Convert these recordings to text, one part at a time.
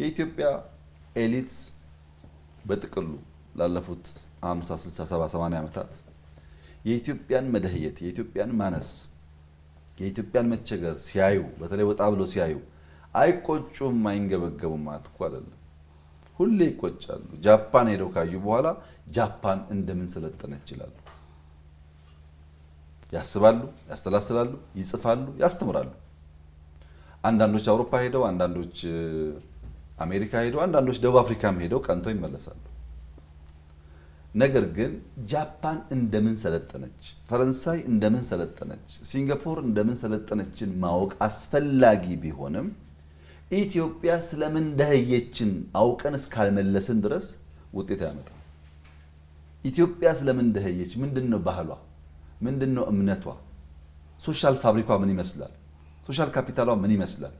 የኢትዮጵያ ኤሊትስ በጥቅሉ ላለፉት 50፣ 60፣ 70፣ 80 ዓመታት የኢትዮጵያን መደህየት፣ የኢትዮጵያን ማነስ፣ የኢትዮጵያን መቸገር ሲያዩ በተለይ ወጣ ብሎ ሲያዩ አይቆጩም፣ አይንገበገቡም ማለት እኮ አይደለም። ሁሌ ይቆጫሉ። ጃፓን ሄደው ካዩ በኋላ ጃፓን እንደምን ሰለጠነች ይላሉ። ያስባሉ፣ ያስተላስላሉ፣ ይጽፋሉ፣ ያስተምራሉ። አንዳንዶች አውሮፓ ሄደው አንዳንዶች አሜሪካ ሄደው አንዳንዶች ደቡብ አፍሪካም ሄደው ቀንተው ይመለሳሉ። ነገር ግን ጃፓን እንደምን ሰለጠነች፣ ፈረንሳይ እንደምን ሰለጠነች፣ ሲንጋፖር እንደምን ሰለጠነችን ማወቅ አስፈላጊ ቢሆንም ኢትዮጵያ ስለምን ደህየችን አውቀን እስካልመለስን ድረስ ውጤት አያመጣም። ኢትዮጵያ ስለምን ደህየች፣ ምንድን ነው ባህሏ፣ ምንድን ነው እምነቷ፣ ሶሻል ፋብሪኳ ምን ይመስላል፣ ሶሻል ካፒታሏ ምን ይመስላል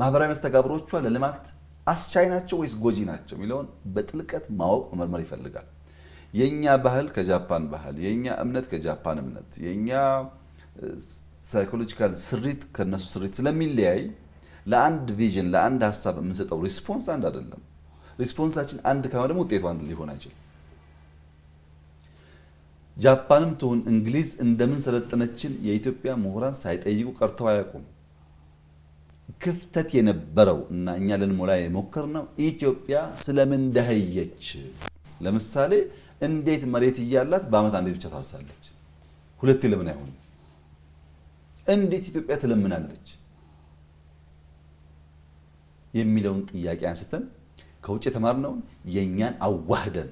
ማህበራዊ መስተጋብሮቿ ለልማት አስቻይ ናቸው ወይስ ጎጂ ናቸው የሚለውን በጥልቀት ማወቅ መመርመር ይፈልጋል። የእኛ ባህል ከጃፓን ባህል፣ የእኛ እምነት ከጃፓን እምነት፣ የእኛ ሳይኮሎጂካል ስሪት ከነሱ ስሪት ስለሚለያይ ለአንድ ቪዥን ለአንድ ሀሳብ የምንሰጠው ሪስፖንስ አንድ አይደለም። ሪስፖንሳችን አንድ ከሆነ ደግሞ ውጤቱ አንድ ሊሆን አይችልም። ጃፓንም ትሁን እንግሊዝ እንደምን ሰለጠነችን የኢትዮጵያ ምሁራን ሳይጠይቁ ቀርተው አያውቁም። ክፍተት የነበረው እና እኛ ልንሞላ የሞከርነው ኢትዮጵያ ስለምን ደህየች? ለምሳሌ እንዴት መሬት እያላት በዓመት አንዴ ብቻ ታርሳለች? ሁለቴ ለምን አይሆንም? እንዴት ኢትዮጵያ ትለምናለች የሚለውን ጥያቄ አንስተን ከውጭ የተማርነውን የእኛን አዋህደን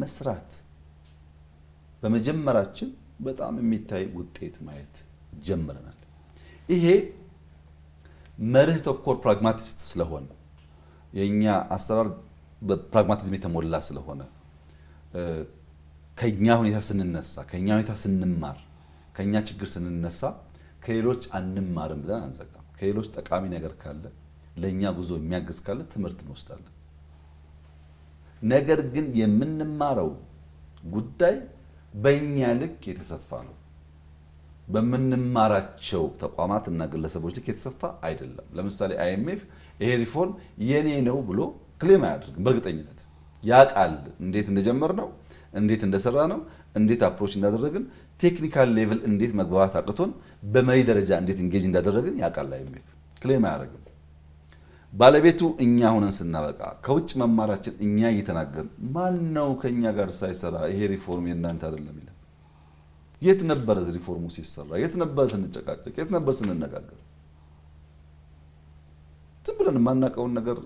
መስራት በመጀመራችን በጣም የሚታይ ውጤት ማየት ጀምረናል። ይሄ መርህ ተኮር ፕራግማቲስት ስለሆነ የእኛ አሰራር በፕራግማቲዝም የተሞላ ስለሆነ ከኛ ሁኔታ ስንነሳ ከኛ ሁኔታ ስንማር ከኛ ችግር ስንነሳ ከሌሎች አንማርም ብለን አንዘጋም። ከሌሎች ጠቃሚ ነገር ካለ ለእኛ ጉዞ የሚያግዝ ካለ ትምህርት እንወስዳለን። ነገር ግን የምንማረው ጉዳይ በእኛ ልክ የተሰፋ ነው። በምንማራቸው ተቋማት እና ግለሰቦች ልክ የተሰፋ አይደለም። ለምሳሌ አይኤምኤፍ ይሄ ሪፎርም የኔ ነው ብሎ ክሌም አያደርግም። በእርግጠኝነት ያውቃል እንዴት እንደጀመር ነው፣ እንዴት እንደሰራ ነው፣ እንዴት አፕሮች እንዳደረግን፣ ቴክኒካል ሌቭል እንዴት መግባባት አቅቶን በመሪ ደረጃ እንዴት እንጌጅ እንዳደረግን ያውቃል። አይኤምኤፍ ክሌም አያደርግም። ባለቤቱ እኛ ሆነን ስናበቃ ከውጭ መማራችን እኛ እየተናገርን ማን ነው ከእኛ ጋር ሳይሰራ ይሄ ሪፎርም የእናንተ አይደለም ይላል። የት ነበር ሪፎርሙ ሲሰራ? የት ነበር ስንጨቃጨቅ? የት ነበር ስንነጋገር? ዝም ብለን የማናውቀውን ነገር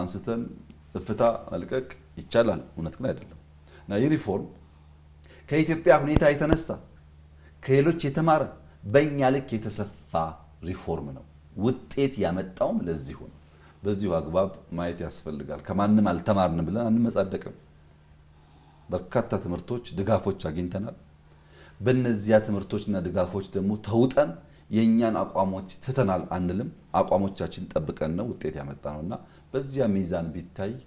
አንስተን እፍታ መልቀቅ ይቻላል፣ እውነት ግን አይደለም እና ይህ ሪፎርም ከኢትዮጵያ ሁኔታ የተነሳ ከሌሎች የተማረ በእኛ ልክ የተሰፋ ሪፎርም ነው። ውጤት ያመጣውም ለዚሁ ነው። በዚሁ አግባብ ማየት ያስፈልጋል። ከማንም አልተማርንም ብለን አንመጻደቅም። በርካታ ትምህርቶች፣ ድጋፎች አግኝተናል። በእነዚያ ትምህርቶችና ድጋፎች ደግሞ ተውጠን የእኛን አቋሞች ትተናል አንልም። አቋሞቻችን ጠብቀን ነው ውጤት ያመጣ ነውና በዚያ ሚዛን ቢታይ